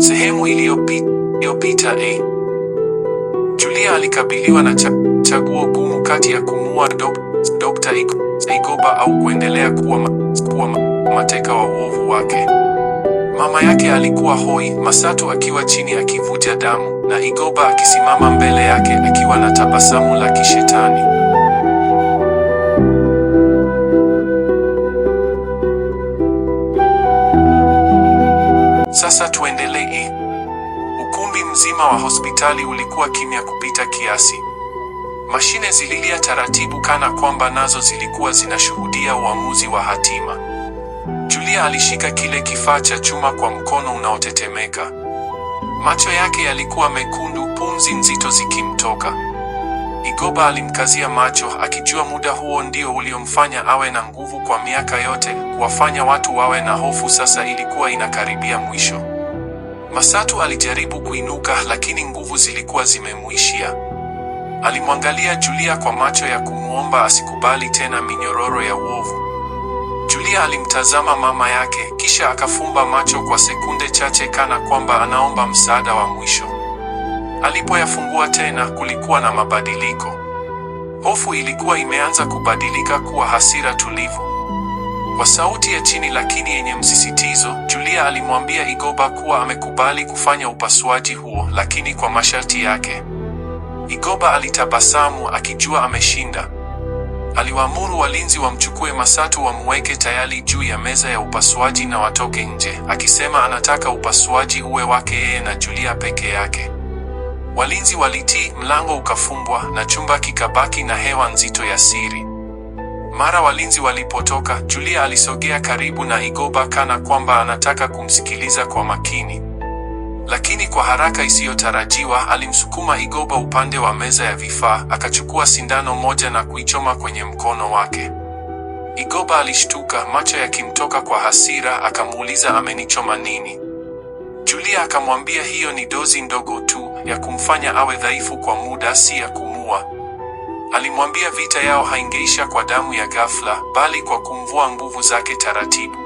sehemu iliyopita eh. Julia alikabiliwa na cha, chaguo gumu kati ya kumua Dr. Igoba au kuendelea kuwa, ma, kuwa mateka wa uovu wake. Mama yake alikuwa hoi, Masatu akiwa chini akivuja damu na Igoba akisimama mbele yake akiwa na tabasamu la kishetani. Sasa tuendelee. Ukumbi mzima wa hospitali ulikuwa kimya kupita kiasi. Mashine zililia taratibu kana kwamba nazo zilikuwa zinashuhudia uamuzi wa hatima. Julia alishika kile kifaa cha chuma kwa mkono unaotetemeka. Macho yake yalikuwa mekundu, pumzi nzito zikimtoka. Igoba alimkazia macho, akijua muda huo ndio uliomfanya awe na nguvu kwa miaka yote. Kuwafanya watu wawe na hofu sasa ilikuwa inakaribia mwisho. Masatu alijaribu kuinuka, lakini nguvu zilikuwa zimemwishia. Alimwangalia Julia kwa macho ya kumwomba asikubali tena minyororo ya uovu. Julia alimtazama mama yake, kisha akafumba macho kwa sekunde chache, kana kwamba anaomba msaada wa mwisho. Alipoyafungua tena, kulikuwa na mabadiliko. Hofu ilikuwa imeanza kubadilika kuwa hasira tulivu. Kwa sauti ya chini lakini yenye msisitizo, Julia alimwambia Igoba kuwa amekubali kufanya upasuaji huo, lakini kwa masharti yake. Igoba alitabasamu akijua ameshinda. Aliwaamuru walinzi wamchukue Masatu, wamweke tayari juu ya meza ya upasuaji na watoke nje, akisema anataka upasuaji uwe wake yeye na Julia peke yake. Walinzi walitii, mlango ukafungwa na chumba kikabaki na hewa nzito ya siri. Mara walinzi walipotoka, Julia alisogea karibu na Igoba kana kwamba anataka kumsikiliza kwa makini, lakini kwa haraka isiyotarajiwa alimsukuma Igoba upande wa meza ya vifaa, akachukua sindano moja na kuichoma kwenye mkono wake. Igoba alishtuka, macho yakimtoka kwa hasira, akamuuliza amenichoma nini? Julia akamwambia hiyo ni dozi ndogo tu ya kumfanya awe dhaifu kwa muda, si ya kumua. Alimwambia vita yao haingeisha kwa damu ya ghafla, bali kwa kumvua nguvu zake taratibu.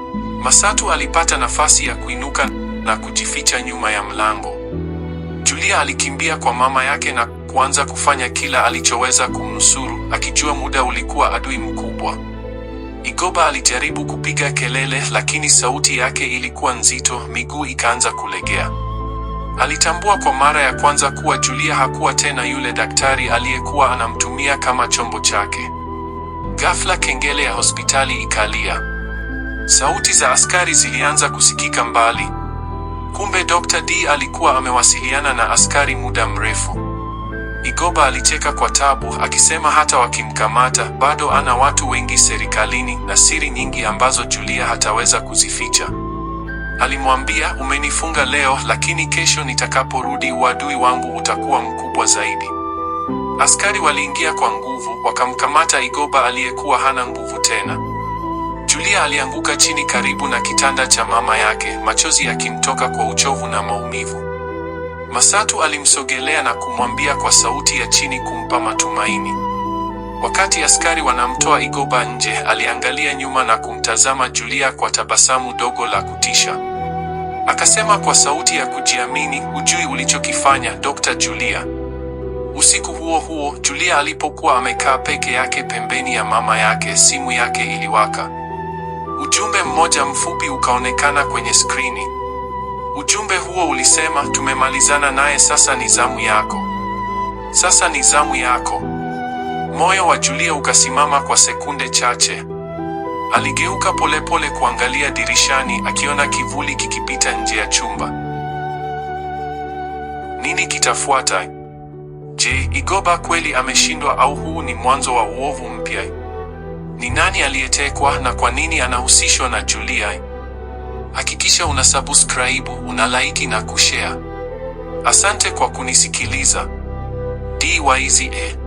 Masatu alipata nafasi ya kuinuka na kujificha nyuma ya mlango. Julia alikimbia kwa mama yake na kuanza kufanya kila alichoweza kumnusuru, akijua muda ulikuwa adui mkubwa. Igoba alijaribu kupiga kelele, lakini sauti yake ilikuwa nzito, miguu ikaanza kulegea. Alitambua kwa mara ya kwanza kuwa Julia hakuwa tena yule daktari aliyekuwa anamtumia kama chombo chake. Ghafla kengele ya hospitali ikalia. Sauti za askari zilianza kusikika mbali. Kumbe Dr. D alikuwa amewasiliana na askari muda mrefu. Igoba alicheka kwa tabu akisema hata wakimkamata bado ana watu wengi serikalini na siri nyingi ambazo Julia hataweza kuzificha. Alimwambia, umenifunga leo, lakini kesho nitakaporudi uadui wangu utakuwa mkubwa zaidi. Askari waliingia kwa nguvu, wakamkamata Igoba aliyekuwa hana nguvu tena. Julia alianguka chini karibu na kitanda cha mama yake, machozi yakimtoka kwa uchovu na maumivu. Masatu alimsogelea na kumwambia kwa sauti ya chini kumpa matumaini. Wakati askari wanamtoa Igoba nje, aliangalia nyuma na kumtazama Julia kwa tabasamu dogo la kutisha. Akasema kwa sauti ya kujiamini, hujui ulichokifanya, Dr. Julia. Usiku huo huo, Julia alipokuwa amekaa peke yake pembeni ya mama yake, simu yake iliwaka. Ujumbe mmoja mfupi ukaonekana kwenye skrini. Ujumbe huo ulisema, tumemalizana naye, sasa ni zamu yako. Sasa ni zamu yako. Moyo wa Julia ukasimama kwa sekunde chache. Aligeuka polepole pole kuangalia dirishani, akiona kivuli kikipita nje ya chumba. Nini kitafuata? Je, Igoba kweli ameshindwa au huu ni mwanzo wa uovu mpya? Ni nani aliyetekwa na kwa nini anahusishwa na Julia? Hakikisha una subscribe, una like na kushare. Asante kwa kunisikiliza. DYZA.